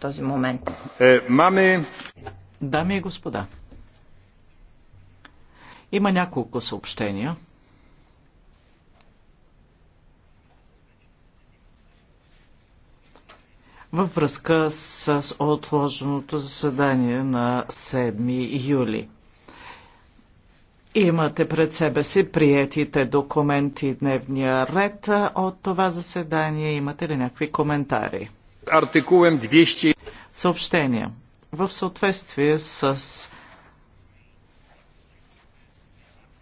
този момент. Е, Маме. Дами и господа, има няколко съобщения. във връзка с отложеното заседание на 7 юли. Имате пред себе си приятите документи дневния ред от това заседание. Имате ли някакви коментари? Съобщения. В съответствие с